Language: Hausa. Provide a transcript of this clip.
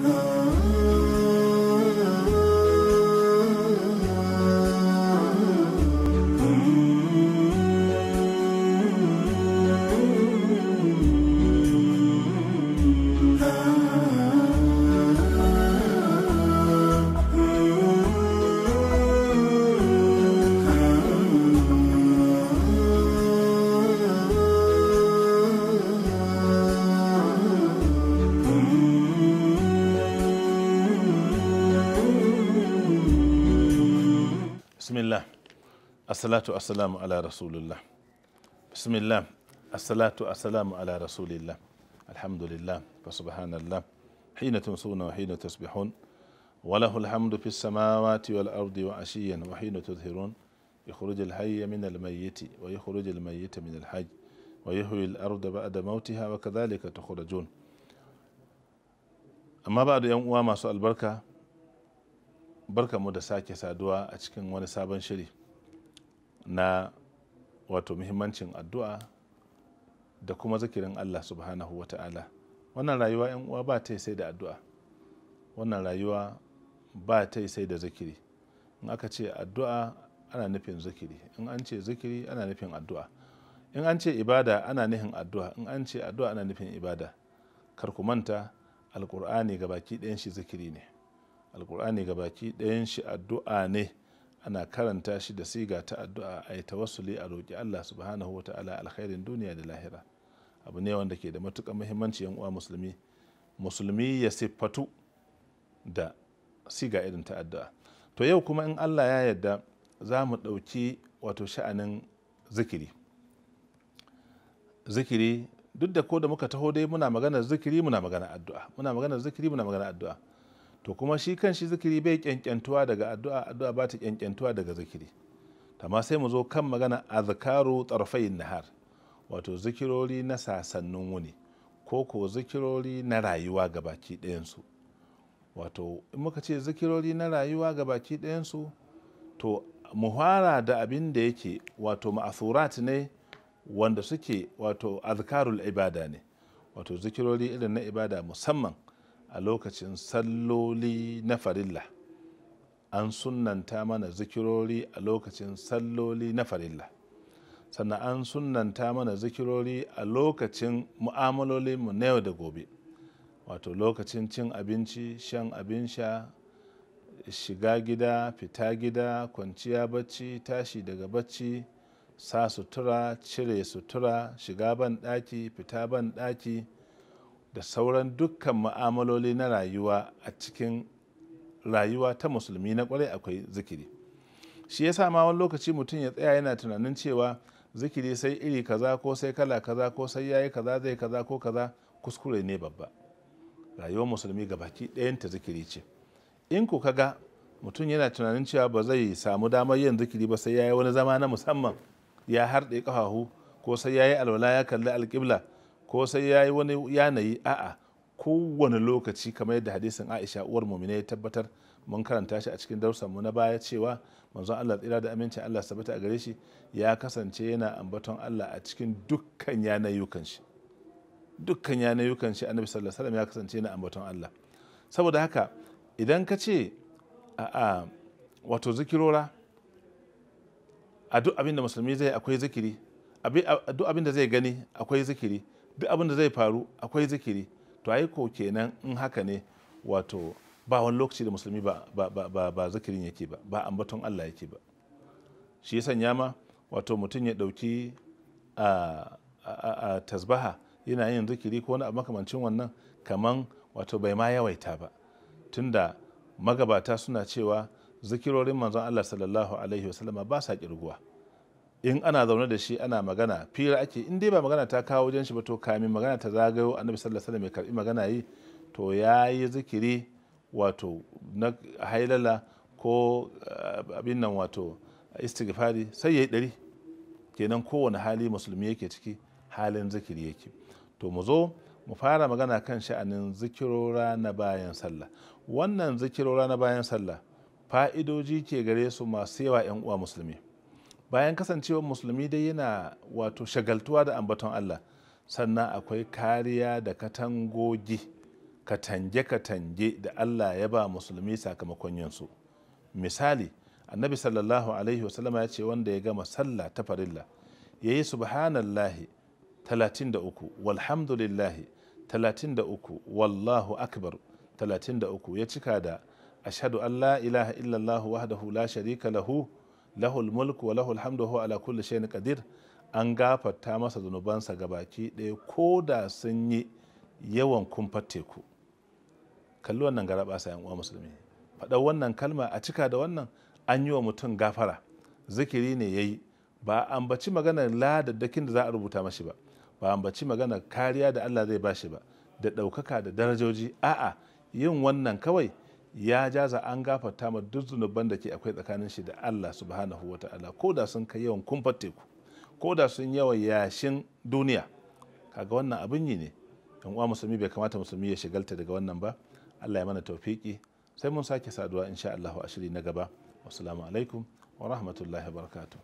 Oh. الصلاة والسلام على رسول الله بسم الله الصلاة والسلام على رسول الله الحمد لله فسبحان الله حين تمسون وحين تصبحون وله الحمد في السماوات والأرض وعشيا وحين تظهرون يخرج الحي من الميت ويخرج الميت من الحي ويهوي الأرض بعد موتها وكذلك تخرجون أما بعد يوم وما سؤال بركة بركة مدساكي سادوا أشكن ونسابا شريف na wato muhimmancin addu'a da kuma zikirin Allah subhanahu wa ta'ala wannan rayuwa yan uwa ba ta sai da addu'a wannan rayuwa ba ta sai da zikiri in aka ce addu'a ana nufin zikiri in an ce zikiri ana nufin addu'a in an ce ibada ana nufin addu'a in an ce addu'a ana nufin ibada kar ku manta alkur'ani ga baki ɗayan shi zikiri ne alkur'ani ga baki ɗayan shi addu'a ne ana karanta shi da siga ta addu'a a yi tawassuli a roƙi Allah subhanahu wa ta'ala alkhairin duniya da lahira abu ne wanda ke da matuƙar muhimmanci yan uwa musulmi musulmi ya siffatu da siga irin ta addu'a to yau kuma in Allah ya yarda za mu ɗauki wato sha'anin zikiri zikiri duk da ko da muka taho dai muna magana zikiri muna magana addu'a muna magana zikiri muna magana addu'a to kuma shi kan shi zikiri bai kyankyantuwa daga addu'a addu'a ba ta kyankyantuwa daga zikiri tamma sai mu zo kan magana azkaru tarfayin nahar wato zikirori na sasannin wuni ko ko zikirori na rayuwa ga baki ɗayansu wato in muka ce zikirori na rayuwa ga baki ɗayansu to muhara da abin da yake wato ma'asurat ne wanda suke wato azkarul ibada ne wato zikirori irin na ibada musamman a lokacin salloli na farilla an sunanta mana zikirori a lokacin salloli na farilla sannan an sunanta mana zikirori a lokacin mu'amalolinmu na yau da gobe wato lokacin cin abinci shan abin sha shiga gida fita gida kwanciya bacci tashi daga bacci sa sutura cire sutura shiga ban ɗaki fita ban ɗaki da sauran dukkan ma'amaloli na rayuwa a cikin rayuwa ta musulmi na kwarai akwai zikiri shi yasa ma wani lokaci mutum ya tsaya yana tunanin cewa zikiri sai iri kaza ko sai kala kaza ko sai yayi kaza zai kaza ko kaza kuskure ne babba rayuwar musulmi ga baki, ɗayanta zikiri ce in ku kaga mutum yana tunanin cewa ba zai samu damar yin zikiri ba sai yayi wani zama na musamman ya harɗe ƙafafu ko sai yayi alwala ya kalli alƙibla ko sai ya yi wani yanayi a'a kowane lokaci kamar yadda hadisin aisha uwar mumina ya tabbatar mun karanta shi a cikin darussanmu na baya cewa manzon allah tsira da amincin allah sabata a gare shi ya kasance yana ambaton allah a cikin dukkan yanayukan shi dukkan yanayukan shi annabi sallallahu alaihi ya kasance yana ambaton allah saboda haka idan ka ce a wato zikirora a duk abin da musulmi zai akwai zikiri a duk abin da zai gani akwai zikiri duk abin da zai faru akwai zikiri to ai ko kenan in haka ne wato ba wani lokaci da musulmi ba ba zikirin yake ba ba ambaton Allah yake ba shi ya sanya ma wato mutum ya dauki a tasbaha yana yin zikiri ko wani makamancin wannan kaman wato bai ma yawaita ba tunda magabata suna cewa zikirorin manzon Allah sallallahu alaihi wasallama ba sa kirguwa in ana zaune da shi ana magana fira ake in dai ba magana ta kawo wajen shi ba to kamin magana ta zagayo annabi sallallahu alaihi wasallam ya karbi magana yi to ya yi zikiri wato na hailala ko eh, abin nan wato istighfari sai ya yi ɗari kenan kowane hali musulmi yake ciki halin zikiri yake to mu zo mu fara magana kan sha'anin zikirora na bayan sallah wannan zikirora na bayan sallah fa'idoji ke gare su masu yawa 'yan uwa musulmi bayan kasancewar musulmi dai yana wato shagaltuwa da ambaton Allah sannan akwai kariya da katangogi katange-katange da Allah ya ba musulmi sakamakon yinsu misali annabi sallallahu alaihi wasallam ya ce wanda ya gama sallah ta farilla ya yi subhanallahi 33 walhamdulillahi 33 wallahu akbar 33 ya cika da ashadu an la ilaha illallahu wahdahu la sharika lahu lahul mulku wa lahul hamdu wa ala kulli shay'in qadir an gafarta masa zunubansa baki ɗaya ko da sun yi yawan kumfar teku kalli wannan garaba sa yan uwa musulmi faɗa wannan kalma a cika da wannan an yi wa mutum gafara zikiri ne yayi ba ambaci maganar ladaddakin da za a rubuta mashi ba ba ambaci maganar kariya da Allah zai bashi ba da ɗaukaka da darajoji a'a yin wannan kawai ya jaza an gafarta ma duk zunuban da ke akwai tsakanin shi da Allah subhanahu wa ta'ala ko da sun kai yawan kumfar teku ko da sun yawa yashin duniya kaga wannan abin yi ne yan uwa musulmi bai kamata musulmi ya shigalta daga wannan ba Allah ya mana tawfiki sai mun sake saduwa insha Allah a shiri na gaba assalamu alaikum wa rahmatullahi wa barakatuh